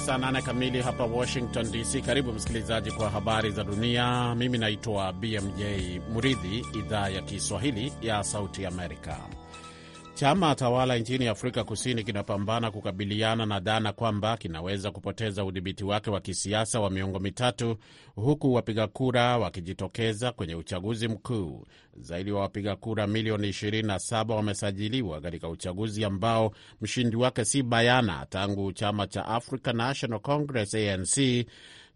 saa nane kamili hapa Washington DC. Karibu msikilizaji kwa habari za dunia. Mimi naitwa BMJ Muridhi, idhaa ya Kiswahili ya Sauti Amerika. Chama tawala nchini Afrika Kusini kinapambana kukabiliana na dhana kwamba kinaweza kupoteza udhibiti wake wa kisiasa wa miongo mitatu, huku wapiga kura wakijitokeza kwenye uchaguzi mkuu. Zaidi wa wapiga kura milioni 27 wamesajiliwa katika uchaguzi ambao mshindi wake si bayana tangu chama cha African National Congress ANC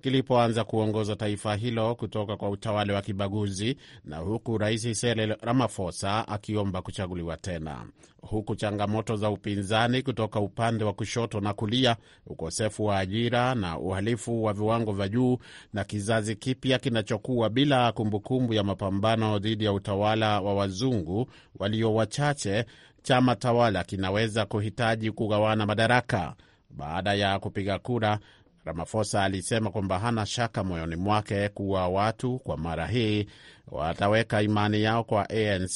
kilipoanza kuongoza taifa hilo kutoka kwa utawala wa kibaguzi, na huku Rais Cyril Ramaphosa akiomba kuchaguliwa tena, huku changamoto za upinzani kutoka upande wa kushoto na kulia, ukosefu wa ajira na uhalifu wa viwango vya juu, na kizazi kipya kinachokuwa bila kumbukumbu ya mapambano dhidi ya utawala wa wazungu walio wachache, chama tawala kinaweza kuhitaji kugawana madaraka. Baada ya kupiga kura, ramafosa alisema kwamba hana shaka moyoni mwake kuwa watu kwa mara hii wataweka imani yao kwa ANC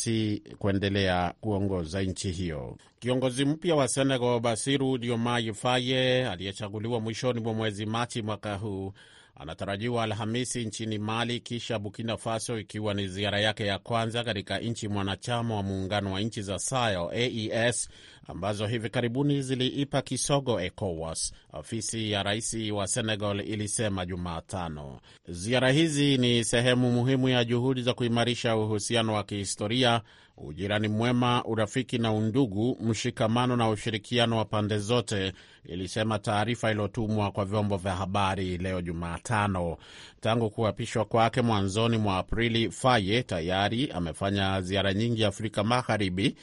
kuendelea kuongoza nchi hiyo. Kiongozi mpya wa Senegal Basiru Diomaye Faye aliyechaguliwa mwishoni mwa mwezi Machi mwaka huu anatarajiwa Alhamisi nchini Mali, kisha Burkina Faso, ikiwa ni ziara yake ya kwanza katika nchi mwanachama wa muungano wa nchi za Sayo AES ambazo hivi karibuni ziliipa kisogo ECOWAS, ofisi ya rais wa Senegal ilisema Jumatano. Ziara hizi ni sehemu muhimu ya juhudi za kuimarisha uhusiano wa kihistoria ujirani mwema, urafiki na undugu, mshikamano na ushirikiano wa pande zote, ilisema taarifa iliyotumwa kwa vyombo vya habari leo Jumatano. Tangu kuapishwa kwake mwanzoni mwa Aprili, Faye tayari amefanya ziara nyingi Afrika Magharibi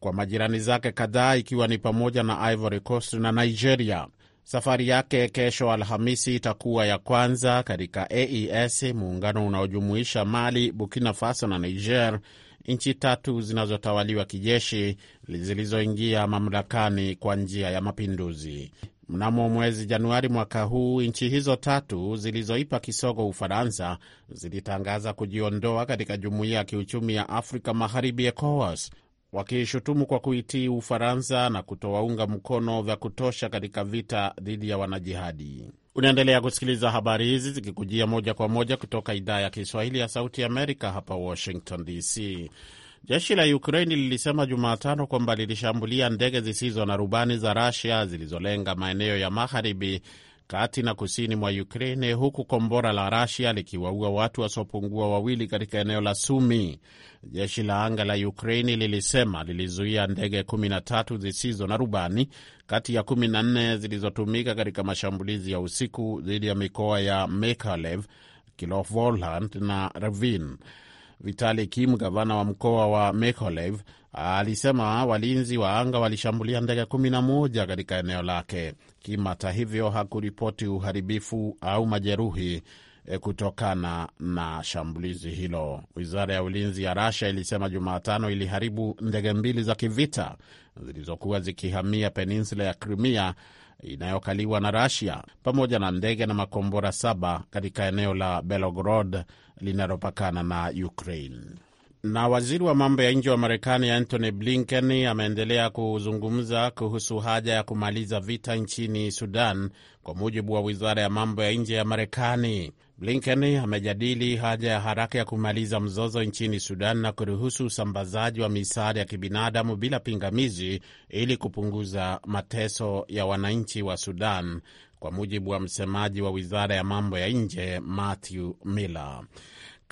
kwa majirani zake kadhaa, ikiwa ni pamoja na Ivory Coast na Nigeria. Safari yake kesho Alhamisi itakuwa ya kwanza katika AES, muungano unaojumuisha Mali, Burkina Faso na Niger nchi tatu zinazotawaliwa kijeshi zilizoingia mamlakani kwa njia ya mapinduzi. Mnamo mwezi Januari mwaka huu, nchi hizo tatu zilizoipa kisogo Ufaransa zilitangaza kujiondoa katika jumuiya ya kiuchumi ya Afrika Magharibi, ECOWAS, wakiishutumu kwa kuitii Ufaransa na kutowaunga mkono vya kutosha katika vita dhidi ya wanajihadi. Unaendelea kusikiliza habari hizi zikikujia moja kwa moja kutoka idhaa ya Kiswahili ya Sauti ya Amerika hapa Washington DC. Jeshi la Ukraini lilisema Jumatano kwamba lilishambulia ndege zisizo na rubani za Rasia zilizolenga maeneo ya magharibi kati na kusini mwa Ukraine, huku kombora la Rasia likiwaua watu wasiopungua wawili katika eneo la Sumi. Jeshi la anga la Ukraini lilisema lilizuia ndege 13 zisizo na rubani kati ya 14 zilizotumika katika mashambulizi ya usiku dhidi ya mikoa ya Mykolaiv, Kirovohrad na Rivne. Vitali Kim, gavana wa mkoa wa Mykolaiv, alisema walinzi wa anga walishambulia ndege 11 katika eneo lake. Kimata hivyo hakuripoti uharibifu au majeruhi eh, kutokana na shambulizi hilo. Wizara ya ulinzi ya Rasia ilisema Jumatano iliharibu ndege mbili za kivita zilizokuwa zikihamia peninsula ya Crimea inayokaliwa na rasia pamoja na ndege na makombora saba katika eneo la Belogrod linalopakana na Ukraine. Na waziri wa mambo ya nje wa Marekani Antony Blinken ameendelea kuzungumza kuhusu haja ya kumaliza vita nchini Sudan, kwa mujibu wa wizara ya mambo ya nje ya Marekani. Blinken amejadili haja ya haraka ya kumaliza mzozo nchini Sudan na kuruhusu usambazaji wa misaada ya kibinadamu bila pingamizi ili kupunguza mateso ya wananchi wa Sudan, kwa mujibu wa msemaji wa wizara ya mambo ya nje Matthew Miller.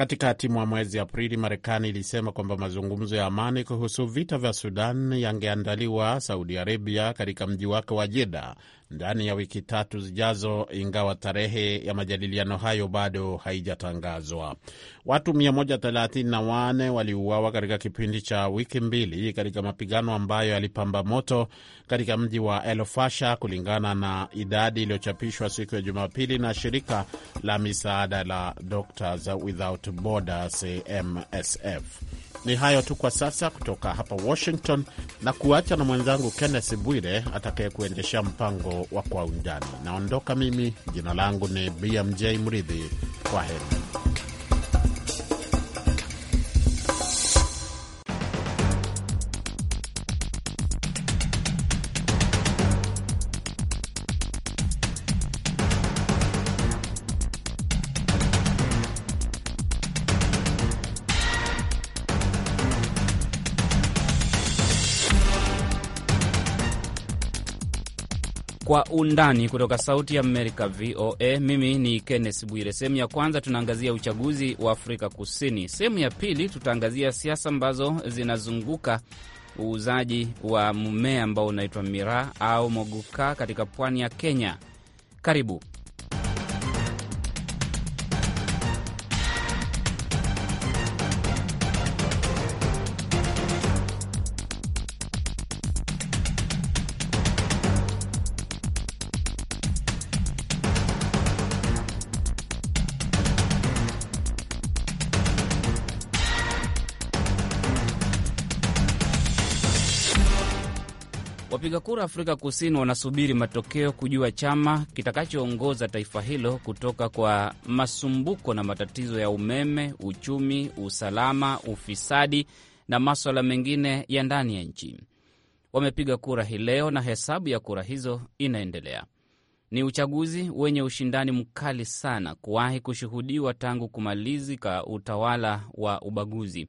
Katikati mwa mwezi Aprili, Marekani ilisema kwamba mazungumzo ya amani kuhusu vita vya Sudan yangeandaliwa Saudi Arabia katika mji wake wa Jeda, ndani ya wiki tatu zijazo, ingawa tarehe ya majadiliano hayo bado haijatangazwa. Watu 134 waliuawa katika kipindi cha wiki mbili katika mapigano ambayo yalipamba moto katika mji wa El kulingana na idadi iliyochapishwa siku ya Jumapili na shirika la misaada la Doctors Without Borders MSF. Ni hayo tu kwa sasa kutoka hapa Washington, na kuacha na mwenzangu Kenneth Bwire atakayekuendeshea mpango wa Kwa Undani. Naondoka mimi, jina langu ni BMJ Mridhi. Kwa heri. Kwa Undani kutoka Sauti ya Amerika, VOA. Mimi ni Kenneth Bwire. Sehemu ya kwanza tunaangazia uchaguzi wa Afrika Kusini, sehemu ya pili tutaangazia siasa ambazo zinazunguka uuzaji wa mmea ambao unaitwa miraa au moguka katika pwani ya Kenya. Karibu. Wapiga kura Afrika Kusini wanasubiri matokeo kujua chama kitakachoongoza taifa hilo kutoka kwa masumbuko na matatizo ya umeme, uchumi, usalama, ufisadi na maswala mengine ya ndani ya nchi. Wamepiga kura hii leo na hesabu ya kura hizo inaendelea. Ni uchaguzi wenye ushindani mkali sana kuwahi kushuhudiwa tangu kumalizika utawala wa ubaguzi.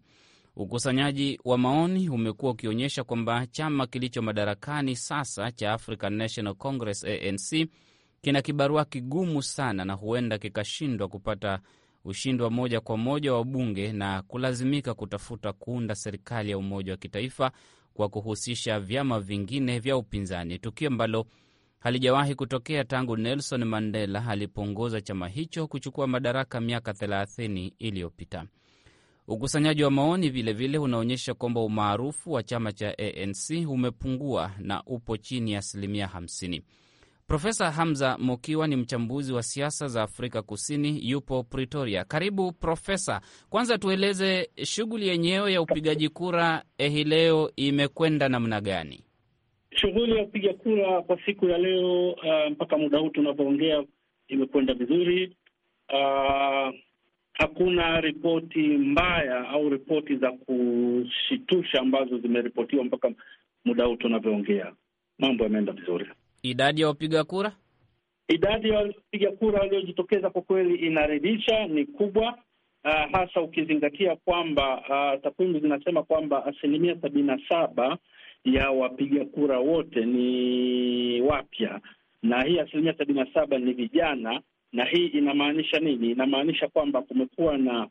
Ukusanyaji wa maoni umekuwa ukionyesha kwamba chama kilicho madarakani sasa cha African National Congress, ANC, kina kibarua kigumu sana na huenda kikashindwa kupata ushindi wa moja kwa moja wa bunge na kulazimika kutafuta kuunda serikali ya umoja wa kitaifa kwa kuhusisha vyama vingine vya upinzani, tukio ambalo halijawahi kutokea tangu Nelson Mandela alipoongoza chama hicho kuchukua madaraka miaka 30 iliyopita. Ukusanyaji wa maoni vilevile unaonyesha kwamba umaarufu wa chama cha ANC umepungua na upo chini ya asilimia 50. Profesa Hamza Mokiwa ni mchambuzi wa siasa za Afrika Kusini, yupo Pretoria. Karibu Profesa. Kwanza tueleze shughuli yenyewe ya upigaji kura eh, hii leo imekwenda namna gani? Shughuli ya kupiga kura kwa siku ya leo uh, mpaka muda huu tunavyoongea imekwenda vizuri uh, hakuna ripoti mbaya au ripoti za kushitusha ambazo zimeripotiwa mpaka muda huu tunavyoongea. Mambo yameenda vizuri. Idadi ya wapiga kura, idadi ya wapiga kura waliojitokeza kwa kweli inaridhisha, ni kubwa. Uh, hasa ukizingatia kwamba uh, takwimu zinasema kwamba asilimia sabini na saba ya wapiga kura wote ni wapya, na hii asilimia sabini na saba ni vijana na hii inamaanisha nini? Inamaanisha kwamba kumekuwa na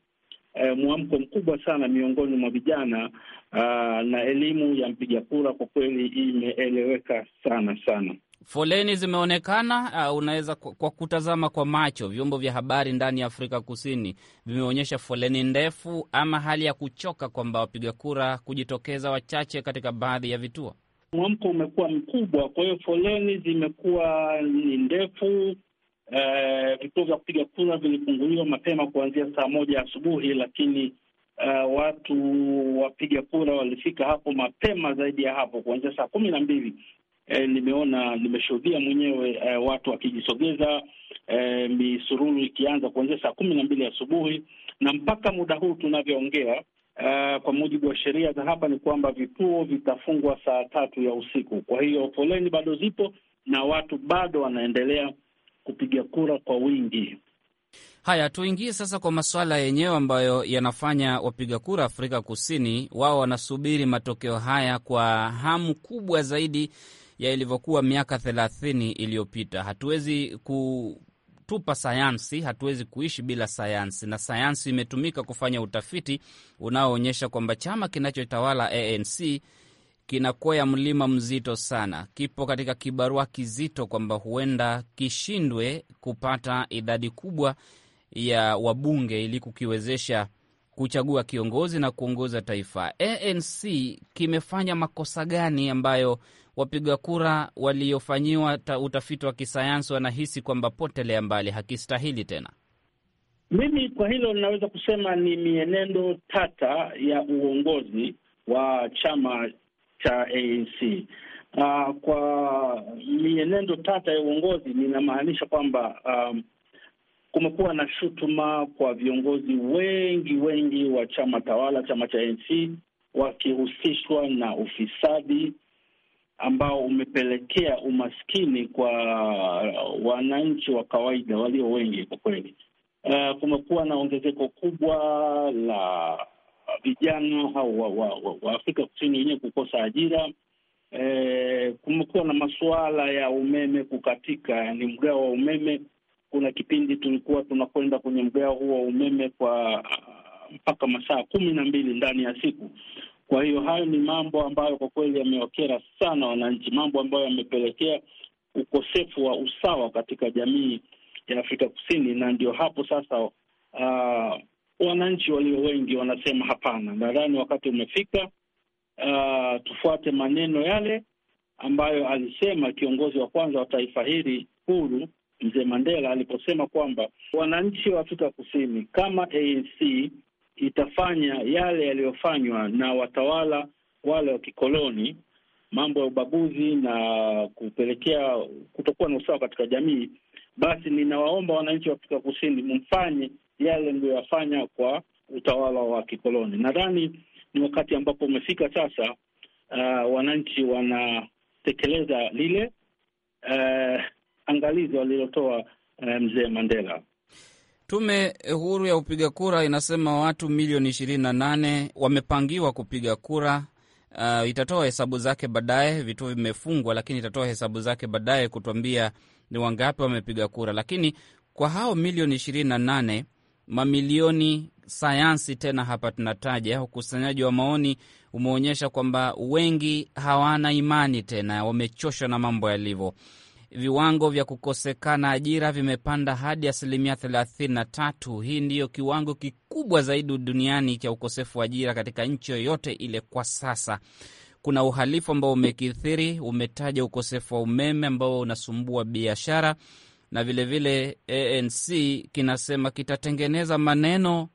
E, mwamko mkubwa sana miongoni mwa vijana ah, na elimu ya mpiga kura kwa kweli imeeleweka sana sana. Foleni zimeonekana. Uh, unaweza kwa kutazama kwa macho, vyombo vya habari ndani ya Afrika Kusini vimeonyesha foleni ndefu, ama hali ya kuchoka kwamba wapiga kura kujitokeza wachache katika baadhi ya vituo. Mwamko umekuwa mkubwa, kwa hiyo foleni zimekuwa ni ndefu Eh, vituo vya kupiga kura vilifunguliwa mapema kuanzia saa moja asubuhi, lakini uh, watu wapiga kura walifika hapo mapema zaidi ya hapo kuanzia saa kumi na mbili. Eh, nimeona nimeshuhudia mwenyewe eh, watu wakijisogeza eh, misururu ikianza kuanzia saa kumi na mbili asubuhi na mpaka muda huu tunavyoongea. Uh, kwa mujibu wa sheria za hapa ni kwamba vituo vitafungwa saa tatu ya usiku. Kwa hiyo foleni bado zipo na watu bado wanaendelea kupiga kura kwa wingi. Haya, tuingie sasa kwa masuala yenyewe ambayo yanafanya wapiga kura Afrika Kusini wao wanasubiri matokeo haya kwa hamu kubwa zaidi ya ilivyokuwa miaka thelathini iliyopita. Hatuwezi kutupa sayansi, hatuwezi kuishi bila sayansi, na sayansi imetumika kufanya utafiti unaoonyesha kwamba chama kinachotawala ANC kinakwea mlima mzito sana, kipo katika kibarua kizito kwamba huenda kishindwe kupata idadi kubwa ya wabunge ili kukiwezesha kuchagua kiongozi na kuongoza taifa. ANC kimefanya makosa gani ambayo wapiga kura waliofanyiwa utafiti wa kisayansi wanahisi kwamba potelea mbali, hakistahili tena? Mimi kwa hilo ninaweza kusema ni mienendo tata ya uongozi wa chama cha ANC. Uh, ah, kwa mienendo tata ya uongozi ninamaanisha kwamba um, kumekuwa na shutuma kwa viongozi wengi wengi wa chama tawala, chama cha ANC wakihusishwa na ufisadi ambao umepelekea umaskini kwa wananchi wa kawaida walio wengi kwa kweli. Uh, kumekuwa na ongezeko kubwa la vijana au wa, wa, wa, wa Afrika Kusini wenyewe kukosa ajira. E, kumekuwa na masuala ya umeme kukatika, yani mgao wa umeme. Kuna kipindi tulikuwa tunakwenda kwenye mgao huo wa umeme kwa ah, mpaka masaa kumi na mbili ndani ya siku. Kwa hiyo hayo ni mambo ambayo kwa kweli yamewakera sana wananchi, mambo ambayo yamepelekea ukosefu wa usawa katika jamii ya Afrika Kusini, na ndio hapo sasa uh, wananchi walio wengi wanasema hapana. Nadhani wakati umefika, uh, tufuate maneno yale ambayo alisema kiongozi wa kwanza wa taifa hili huru Mzee Mandela aliposema kwamba wananchi wa Afrika Kusini, kama ANC itafanya yale yaliyofanywa na watawala wale wa kikoloni, mambo ya ubaguzi na kupelekea kutokuwa na usawa katika jamii, basi ninawaomba wananchi wa Afrika Kusini mfanye yale mliyoyafanya kwa utawala wa kikoloni. Nadhani ni wakati ambapo umefika sasa, uh, wananchi wanatekeleza lile uh, angalizo alilotoa uh, mzee Mandela. Tume huru ya upiga kura inasema watu milioni ishirini na nane wamepangiwa kupiga kura. Uh, itatoa hesabu zake baadaye. Vituo vimefungwa, lakini itatoa hesabu zake baadaye kutuambia ni wangapi wamepiga kura. Lakini kwa hao milioni ishirini na nane mamilioni sayansi tena hapa tunataja, ukusanyaji wa maoni umeonyesha kwamba wengi hawana imani tena, wamechoshwa na mambo yalivyo. Viwango vya kukosekana ajira vimepanda hadi asilimia tatu. Hii ndiyo kiwango kikubwa zaidi duniani cha ukosefu wa ajira katika nchi yoyote ile kwa sasa. Kuna uhalifu ambao umekithiri, umetaja ukosefu wa umeme ambao unasumbua biashara na vilevile vile ANC kinasema kitatengeneza maneno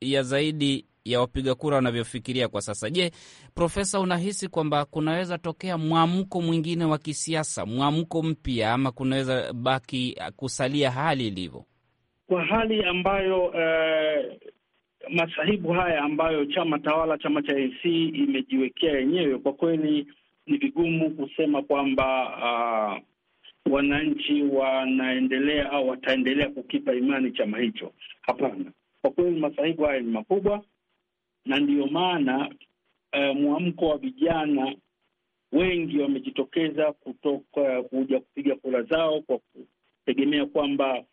ya zaidi ya wapiga kura wanavyofikiria kwa sasa. Je, Profesa, unahisi kwamba kunaweza tokea mwamko mwingine wa kisiasa, mwamko mpya, ama kunaweza baki kusalia hali ilivyo kwa hali ambayo eh, masahibu haya ambayo chama tawala, chama cha ANC imejiwekea yenyewe? Kwa kweli ni vigumu kusema kwamba uh, wananchi wanaendelea au wataendelea kukipa imani chama hicho. Hapana, kwa kweli masahibu haya ni makubwa, na ndiyo maana uh, mwamko wa vijana wengi wamejitokeza kutoka kuja kupiga kura zao kwa kutegemea kwamba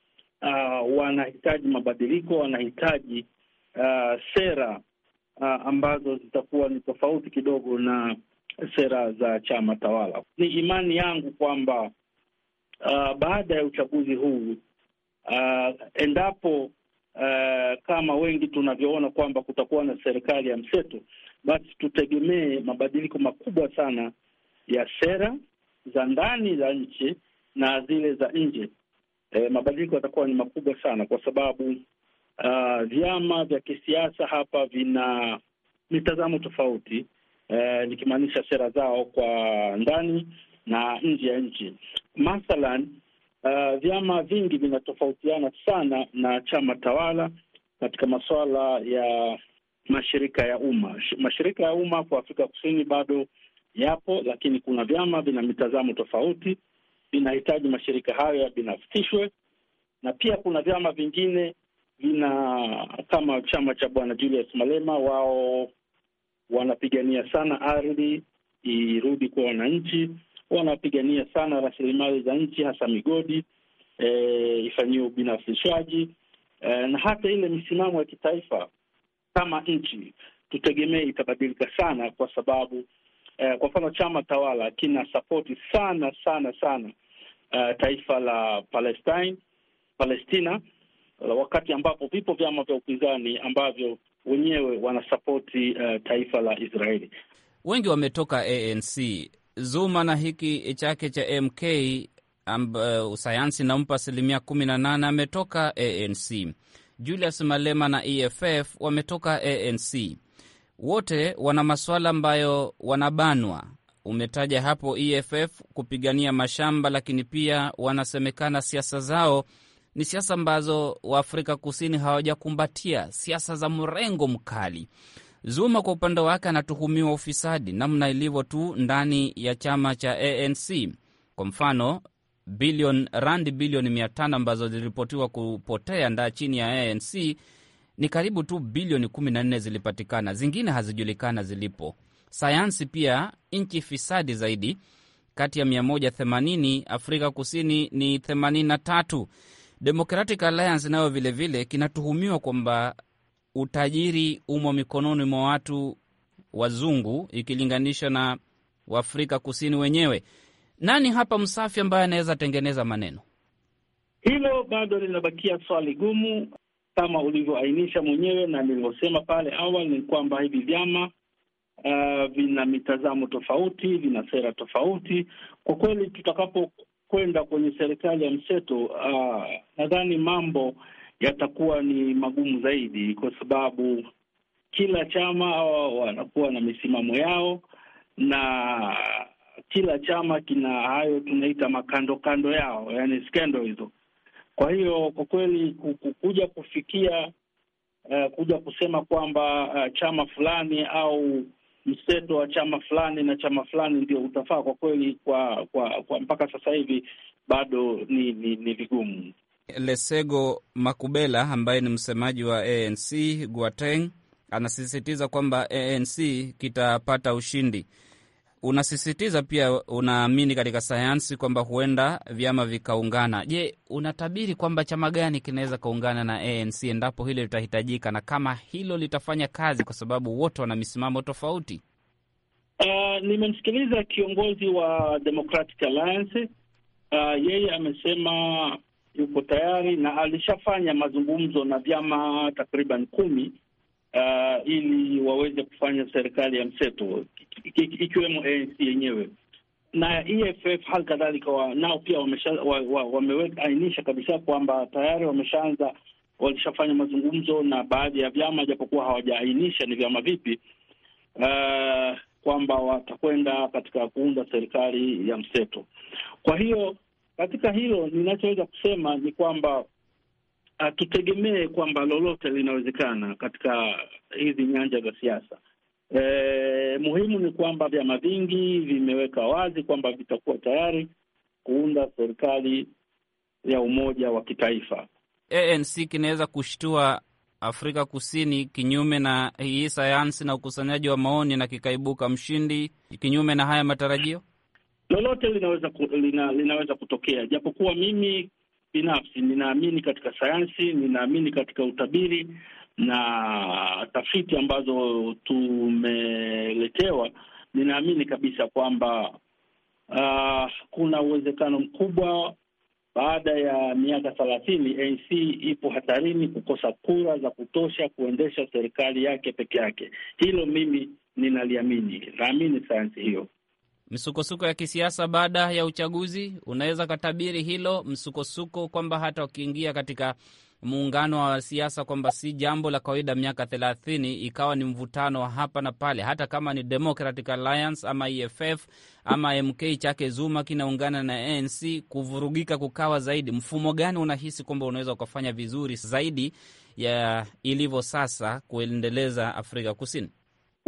uh, wanahitaji mabadiliko, wanahitaji uh, sera uh, ambazo zitakuwa ni tofauti kidogo na sera za chama tawala. Ni imani yangu kwamba uh, baada ya uchaguzi huu uh, endapo uh, kama wengi tunavyoona kwamba kutakuwa na serikali ya mseto, basi tutegemee mabadiliko makubwa sana ya sera za ndani za nchi na zile za nje. E, mabadiliko yatakuwa ni makubwa sana kwa sababu uh, vyama vya kisiasa hapa vina mitazamo tofauti, eh, nikimaanisha sera zao kwa ndani na nje ya nchi mathalan, uh, vyama vingi vinatofautiana sana na chama tawala katika masuala ya mashirika ya umma. Mashirika ya umma kwa Afrika Kusini bado yapo, lakini kuna vyama vina mitazamo tofauti, vinahitaji mashirika hayo yabinafsishwe, na pia kuna vyama vingine vina kama chama cha Bwana Julius Malema, wao wanapigania sana ardhi irudi kwa wananchi wanapigania sana rasilimali za nchi, hasa migodi e, ifanyiwe ubinafsishwaji e, na hata ile misimamo ya kitaifa kama nchi tutegemee itabadilika sana, kwa sababu e, kwa mfano chama tawala kina sapoti sana sana sana e, taifa la Palestine, Palestina, wakati ambapo vipo vyama vya upinzani ambavyo wenyewe wanasapoti uh, e, taifa la Israeli. Wengi wametoka ANC Zuma na hiki chake cha MK uh, eh, sayansi nampa asilimia 18, ametoka ANC. Julius Malema na EFF wametoka ANC. Wote wana masuala ambayo wanabanwa. Umetaja hapo EFF kupigania mashamba, lakini pia wanasemekana siasa zao ni siasa ambazo Waafrika Kusini hawajakumbatia, siasa za mrengo mkali. Zuma kwa upande wake anatuhumiwa ufisadi namna ilivyo tu ndani ya chama cha ANC. Kwa mfano, bilion randi bilioni mia tano ambazo ziliripotiwa kupotea nda chini ya ANC ni karibu tu bilioni 14 zilipatikana, zingine hazijulikana zilipo. Sayansi pia nchi fisadi zaidi kati ya 180 Afrika Kusini ni 83. Democratic Alliance nayo vilevile kinatuhumiwa kwamba utajiri umo mikononi mwa watu wazungu ikilinganishwa na Waafrika Kusini wenyewe. Nani hapa msafi ambaye anaweza tengeneza maneno? Hilo bado linabakia swali gumu, kama ulivyoainisha mwenyewe na nilivyosema pale awali, ni kwamba hivi vyama uh, vina mitazamo tofauti, vina sera tofauti. Kwa kweli, tutakapokwenda kwenye serikali ya mseto, uh, nadhani mambo yatakuwa ni magumu zaidi, kwa sababu kila chama hawa wanakuwa na misimamo yao, na kila chama kina hayo tunaita makando kando yao, yani skendo hizo. Kwa hiyo kwa kweli kuja kufikia uh, kuja kusema kwamba uh, chama fulani au mseto wa chama fulani na chama fulani ndio utafaa, kwa kweli kwa, kwa, kwa mpaka sasa hivi bado ni ni vigumu. Lesego Makubela ambaye ni msemaji wa ANC guaten anasisitiza kwamba ANC kitapata ushindi. Unasisitiza pia unaamini katika sayansi kwamba huenda vyama vikaungana. Je, unatabiri kwamba chama gani kinaweza kaungana na ANC endapo hilo litahitajika, na kama hilo litafanya kazi, kwa sababu wote wana misimamo tofauti? Uh, nimemsikiliza kiongozi wa Democratic Alliance uh, yeye amesema yuko tayari na alishafanya mazungumzo na vyama takriban kumi uh, ili waweze kufanya serikali ya mseto ikiwemo ANC yenyewe na EFF hali kadhalika wa, nao pia wameainisha wa, wa kabisa kwamba tayari wameshaanza walishafanya mazungumzo na baadhi ya vyama, japokuwa hawajaainisha ni vyama vipi, uh, kwamba watakwenda katika kuunda serikali ya mseto. Kwa hiyo katika hilo ninachoweza kusema ni kwamba ah, tutegemee kwamba lolote linawezekana katika hizi nyanja za siasa. E, muhimu ni kwamba vyama vingi vimeweka wazi kwamba vitakuwa tayari kuunda serikali ya umoja wa kitaifa. ANC kinaweza kushtua Afrika Kusini kinyume na hii sayansi na ukusanyaji wa maoni na kikaibuka mshindi kinyume na haya matarajio lolote linaweza ku, lina, linaweza kutokea, japokuwa mimi binafsi ninaamini katika sayansi, ninaamini katika utabiri na tafiti ambazo tumeletewa. Ninaamini kabisa kwamba uh, kuna uwezekano mkubwa baada ya miaka thelathini ANC ipo hatarini kukosa kura za kutosha kuendesha serikali yake peke yake. Hilo mimi ninaliamini, naamini sayansi hiyo msukosuko ya kisiasa baada ya uchaguzi? Unaweza katabiri hilo msukosuko, kwamba hata wakiingia katika muungano wa siasa kwamba si jambo la kawaida miaka thelathini ikawa ni mvutano wa hapa na pale, hata kama ni Democratic Alliance ama EFF ama MK chake Zuma kinaungana na ANC, kuvurugika kukawa zaidi. Mfumo gani unahisi kwamba unaweza ukafanya vizuri zaidi ya ilivyo sasa kuendeleza Afrika Kusini?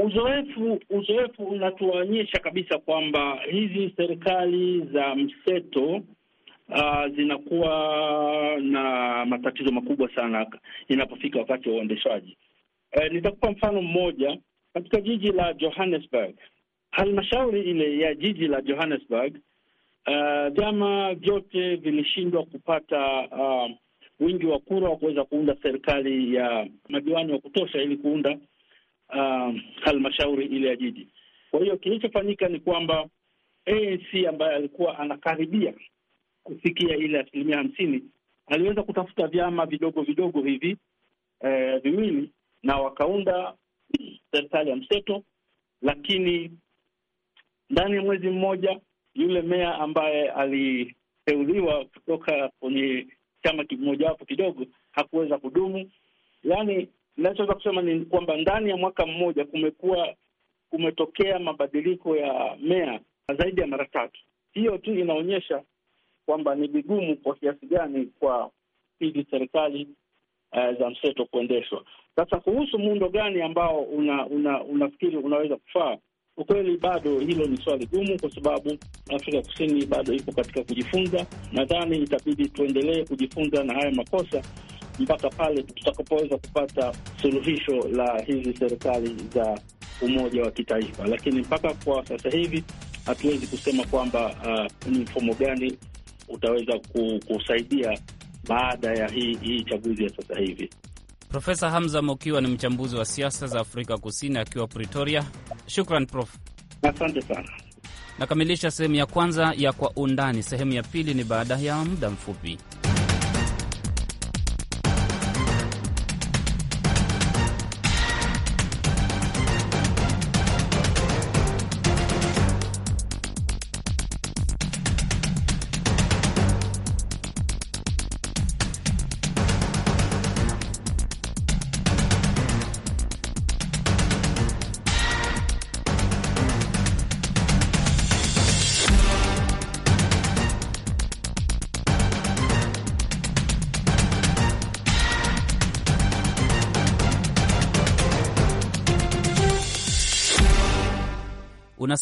Uzoefu uzoefu unatuonyesha kabisa kwamba hizi serikali za mseto uh, zinakuwa na matatizo makubwa sana inapofika wakati wa uendeshaji. Uh, nitakupa mfano mmoja katika jiji la Johannesburg, halmashauri ile ya jiji la Johannesburg, ah, vyama uh, vyote vilishindwa kupata uh, wingi wa kura wa kuweza kuunda serikali ya madiwani wa kutosha ili kuunda uh, halmashauri ile ya jiji. Kwa hiyo kilichofanyika ni kwamba ANC ambaye alikuwa anakaribia kufikia ile asilimia hamsini aliweza kutafuta vyama vidogo vidogo hivi eh, viwili na wakaunda serikali ya mseto, lakini ndani ya mwezi mmoja yule meya ambaye aliteuliwa kutoka kwenye chama kimojawapo kidogo hakuweza kudumu. Yani Ninachoweza kusema ni kwamba ndani ya mwaka mmoja kumekuwa kumetokea mabadiliko ya meya zaidi ya mara tatu. Hiyo tu inaonyesha kwamba ni vigumu kwa kiasi gani kwa pidi serikali uh, za mseto kuendeshwa. Sasa kuhusu muundo gani ambao una una unaweza kufaa, ukweli bado hilo ni swali gumu, kwa sababu Afrika Kusini bado ipo katika kujifunza. Nadhani itabidi tuendelee kujifunza na haya makosa mpaka pale tutakapoweza kupata suluhisho la hizi serikali za umoja wa kitaifa. Lakini mpaka kwa sasa hivi hatuwezi kusema kwamba uh, ni mfumo gani utaweza kusaidia baada ya hii hii chaguzi ya sasa hivi. Profesa Hamza Mokiwa ni mchambuzi wa siasa za Afrika Kusini akiwa Pretoria. Shukran Prof, asante sana. Nakamilisha sehemu ya kwanza ya Kwa Undani. Sehemu ya pili ni baada ya muda mfupi.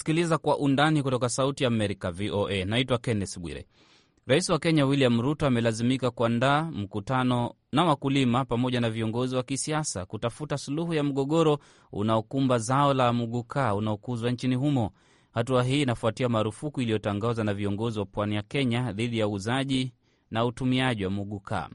unasikiliza Kwa Undani kutoka Sauti ya Amerika, VOA. Naitwa Kenneth Bwire. Rais wa Kenya William Ruto amelazimika kuandaa mkutano na wakulima pamoja na viongozi wa kisiasa kutafuta suluhu ya mgogoro unaokumba zao la muguka unaokuzwa nchini humo. Hatua hii inafuatia marufuku iliyotangazwa na viongozi wa pwani ya Kenya dhidi ya uuzaji na utumiaji wa mugukaa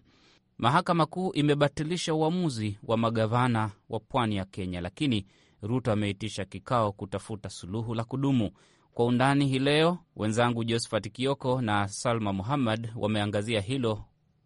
Mahakama Kuu imebatilisha uamuzi wa magavana wa pwani ya Kenya, lakini Ruto ameitisha kikao kutafuta suluhu la kudumu. Kwa undani hii leo, wenzangu Josephat Kioko na Salma Muhammad wameangazia hilo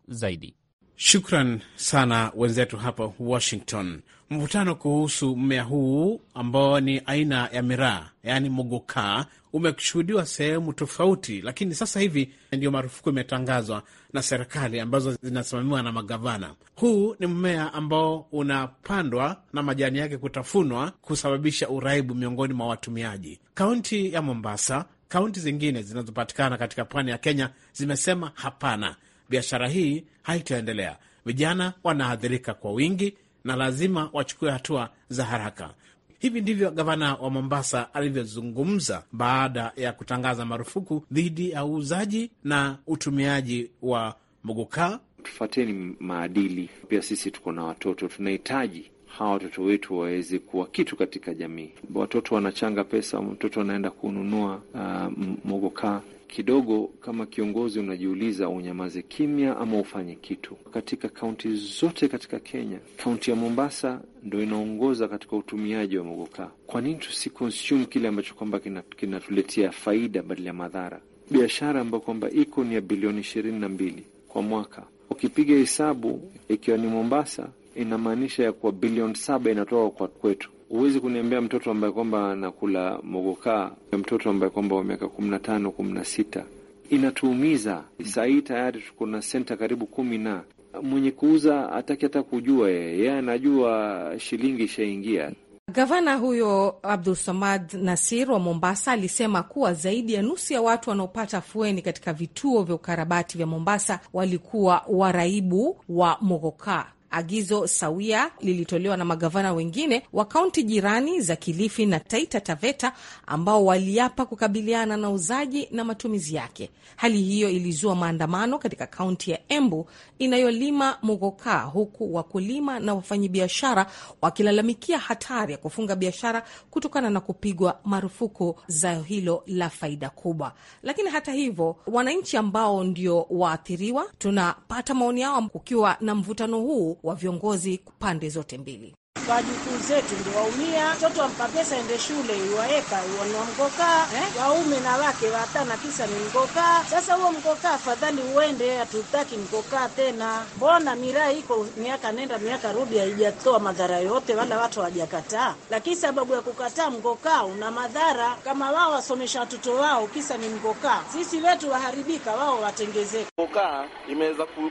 zaidi. Shukran sana wenzetu hapa Washington. Mvutano kuhusu mmea huu ambao ni aina ya miraa, yaani mogoka, umeshuhudiwa sehemu tofauti, lakini sasa hivi ndiyo marufuku imetangazwa na serikali ambazo zinasimamiwa na magavana. Huu ni mmea ambao unapandwa na majani yake kutafunwa kusababisha uraibu miongoni mwa watumiaji. Kaunti ya Mombasa, kaunti zingine zinazopatikana katika pwani ya Kenya zimesema hapana, biashara hii haitaendelea. Vijana wanaathirika kwa wingi na lazima wachukue hatua za haraka. Hivi ndivyo gavana wa Mombasa alivyozungumza baada ya kutangaza marufuku dhidi ya uuzaji na utumiaji wa muguka. Tufuateni maadili, pia sisi tuko na watoto, tunahitaji hawa watoto wetu waweze kuwa kitu katika jamii. Watoto wanachanga pesa, mtoto anaenda kununua uh, mogoka kidogo, kama kiongozi unajiuliza unyamaze kimya ama ufanye kitu. Katika kaunti zote katika Kenya, kaunti ya Mombasa ndo inaongoza katika utumiaji wa mogokaa. Kwa nini tusikonsume kile ambacho kwamba kinatuletea kina faida badala ya madhara? Biashara ambayo kwamba iko ni ya bilioni ishirini na mbili kwa mwaka, ukipiga hesabu ikiwa ni Mombasa inamaanisha ya kuwa bilioni saba inatoka kwa kwetu Huwezi kuniambia mtoto ambaye kwamba anakula mogokaa, mtoto ambaye kwamba wa miaka kumi na tano kumi na sita inatuumiza. Saa hii tayari tuko na senta karibu kumi na mwenye kuuza ataki hata kujua, yeye anajua shilingi ishaingia. Gavana huyo Abdul Samad Nasir wa Mombasa alisema kuwa zaidi ya nusu ya watu wanaopata fueni katika vituo vya ukarabati vya Mombasa walikuwa waraibu wa mogokaa. Agizo sawia lilitolewa na magavana wengine wa kaunti jirani za Kilifi na Taita Taveta ambao waliapa kukabiliana na uzaji na matumizi yake. Hali hiyo ilizua maandamano katika kaunti ya Embu inayolima mogoka, huku wakulima na wafanyabiashara wakilalamikia hatari ya kufunga biashara kutokana na kupigwa marufuku zao hilo la faida kubwa. Lakini hata hivyo, wananchi ambao ndio waathiriwa, tunapata maoni yao kukiwa na mvutano huu wa viongozi pande zote mbili. Wajukuu zetu ndio waumia, mtoto wampa ende shule iwaeka wanamgokaa eh? Waume na wake watana kisa ni mgokaa. Sasa huo mgokaa afadhali uende, hatutaki mgokaa tena. Mbona miraa iko miaka nenda miaka rudi, haijatoa madhara yote, wala watu hawajakataa, lakini sababu ya kukataa mgokaa una madhara. Kama wao wasomesha watoto wao, kisa ni mgokaa, sisi wetu waharibika, wao watengezeka. Mgokaa imeweza ku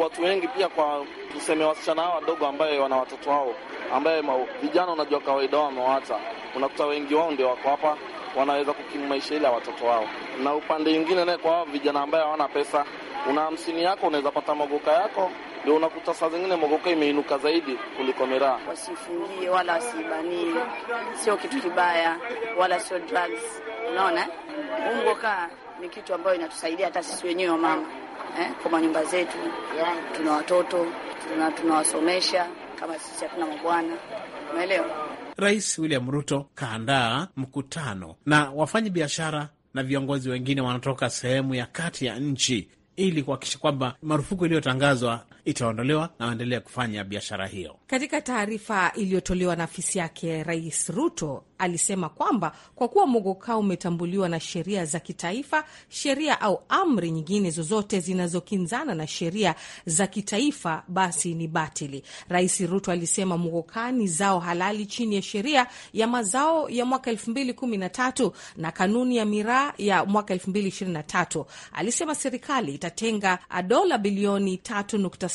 watu wengi pia, kwa tuseme, wasichana hao wadogo ambaye wana watoto wao ambaye vijana, unajua kawaida wao unakuta wengi wao ndio wako hapa wanaweza kukimu maisha ile ya watoto wao. Na upande mwingine naye kwa hao vijana ambaye hawana pesa, una hamsini yako unaweza pata mogoka yako, ndio unakuta saa zingine mogoka imeinuka zaidi kuliko miraa. Wasifungie wala wasibanie, sio kitu kibaya wala sio drugs. Unaona, eh? ungoka ni kitu ambayo inatusaidia hata sisi wenyewe mama eh, kwa manyumba zetu. Tuna watoto tunawasomesha, tuna kama sisi hatuna mabwana, umeelewa? Rais William Ruto kaandaa mkutano na wafanyi biashara na viongozi wengine wanatoka sehemu ya kati ya nchi ili kuhakikisha kwamba marufuku iliyotangazwa itaondolewa na waendelea kufanya biashara hiyo. Katika taarifa iliyotolewa na afisi yake, Rais Ruto alisema kwamba kwa kuwa mogoka umetambuliwa na sheria za kitaifa, sheria au amri nyingine zozote zinazokinzana na sheria za kitaifa basi ni batili. Rais Ruto alisema mogoka ni zao halali chini ya sheria ya mazao ya mwaka 2013 na kanuni ya miraa ya mwaka 2023. Alisema serikali itatenga dola bilioni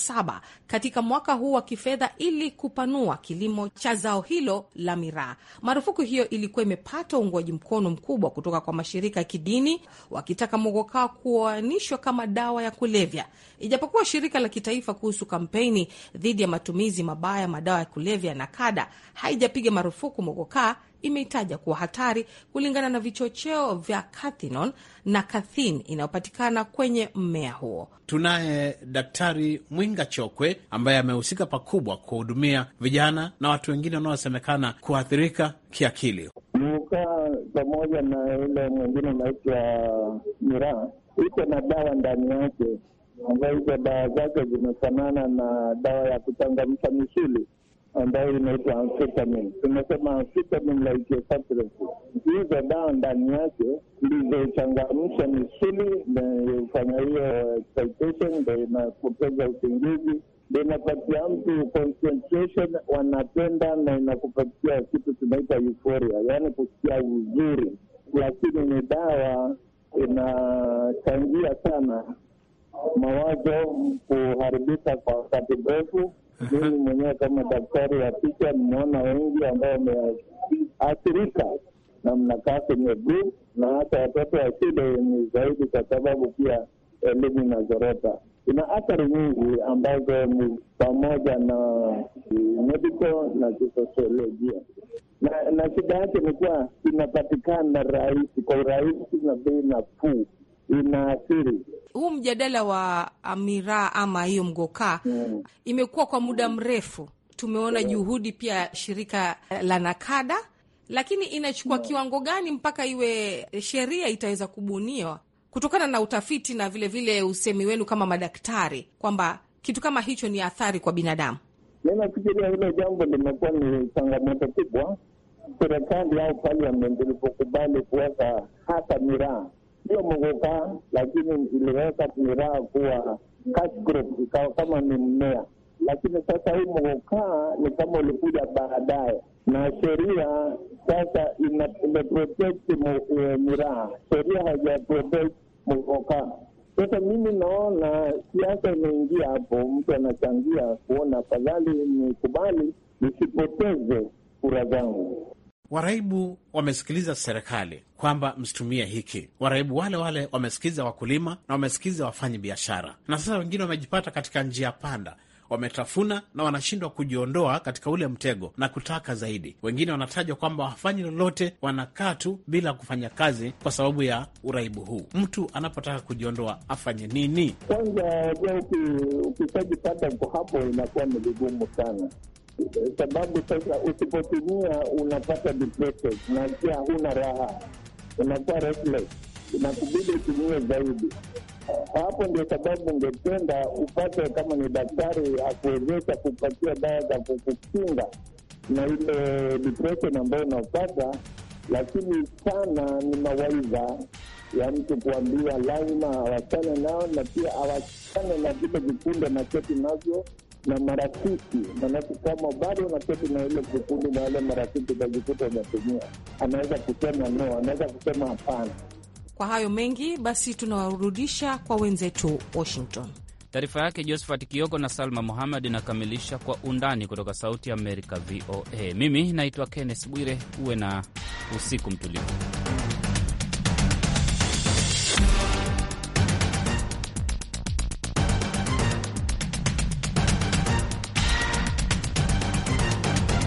saba katika mwaka huu wa kifedha ili kupanua kilimo cha zao hilo la miraa. Marufuku hiyo ilikuwa imepata uungwaji mkono mkubwa kutoka kwa mashirika ya kidini, wakitaka mogokaa kuoanishwa kama dawa ya kulevya, ijapokuwa shirika la kitaifa kuhusu kampeni dhidi ya matumizi mabaya madawa ya kulevya na kada haijapiga marufuku mogokaa imeitaja kuwa hatari kulingana na vichocheo vya cathinon na kathin inayopatikana kwenye mmea huo. Tunaye Daktari Mwinga Chokwe ambaye amehusika pakubwa kuwahudumia vijana na watu wengine wanaosemekana kuathirika kiakili. Nimekaa pamoja na yule mwingine unaitwa Miraha, iko na dawa ndani yake ambayo hizo dawa zake zimefanana na dawa ya kuchangamsha misuli ambayo inaitwa amphetamine. Tunasema amphetamine like substance. Hizo dawa ndani yake ndizochangamsha misuli nayofanya hiyo excitation, ndo inapoteza usingizi, ndo inapatia mtu concentration, wanapenda na inakupatia kitu tunaita euphoria, yaani kusikia uzuri, lakini ni dawa inachangia sana mawazo kuharibika kwa wakati mrefu mimi mwenyewe kama daktari wa picha nimeona wengi ambao wameathirika na mnakaa kwenye group na hata watoto wa shule wenye zaidi, kwa sababu pia elimu inazorota. Kuna athari nyingi ambazo ni pamoja na medical na kisosiolojia, na shida yake ni kuwa inapatikana rahisi, kwa urahisi na bei nafuu inaathiri huu mjadala wa miraa ama hiyo mgokaa hmm. Imekuwa kwa muda mrefu, tumeona hmm. juhudi pia shirika la Nakada, lakini inachukua hmm. kiwango gani mpaka iwe sheria itaweza kubuniwa kutokana na utafiti na vilevile vile usemi wenu kama madaktari kwamba kitu kama hicho ni athari kwa binadamu? Mi nafikiria hilo jambo limekuwa ni changamoto kubwa, serikali au parliament ilipokubali kuweka hata miraa sio mgoka, lakini iliweka kuraha kuwa cash crop ikawa kama ni mmea, lakini sasa hii mgokaa ni kama ulikuja baadaye na sheria sasa imeprotect e, miraha, sheria haijaprotect mgokaa. Sasa mimi naona siasa imeingia hapo, mtu anachangia kuona afadhali nikubali nisipoteze kura zangu waraibu wamesikiliza serikali kwamba msitumie hiki. Waraibu wale wale wamesikiliza wakulima na wamesikiliza wafanyi biashara, na sasa wengine wamejipata katika njia panda wametafuna na wanashindwa kujiondoa katika ule mtego na kutaka zaidi. Wengine wanatajwa kwamba wafanyi lolote, wanakaa tu bila kufanya kazi kwa sababu ya uraibu huu. Mtu anapotaka kujiondoa afanye nini? Kwanza ukishajipata uko hapo, inakuwa ni vigumu sana sababu sasa usipotumia unapata depression, na huna raha, unakuwa restless, inakubidi utumie zaidi. Hapo ndio sababu ungependa upate, kama ni daktari akuwezesha kupatia dawa za kukukinga na ile depression ambayo unapata lakini sana ni mawaidha ya mtu kuambia lazima awachane nao, na pia awachane na vile vikundi na keti navyo na marafiki, manake kama bado naketi na ile kikundi na wale marafiki, utajikuta umetumia. Anaweza kusema no, anaweza kusema hapana. Kwa hayo mengi basi, tunawarudisha kwa wenzetu Washington. Taarifa yake Josephat Kioko na Salma Muhammad inakamilisha Kwa Undani kutoka Sauti ya Amerika, VOA. Mimi naitwa Kenneth Bwire. Uwe na usiku mtulivu.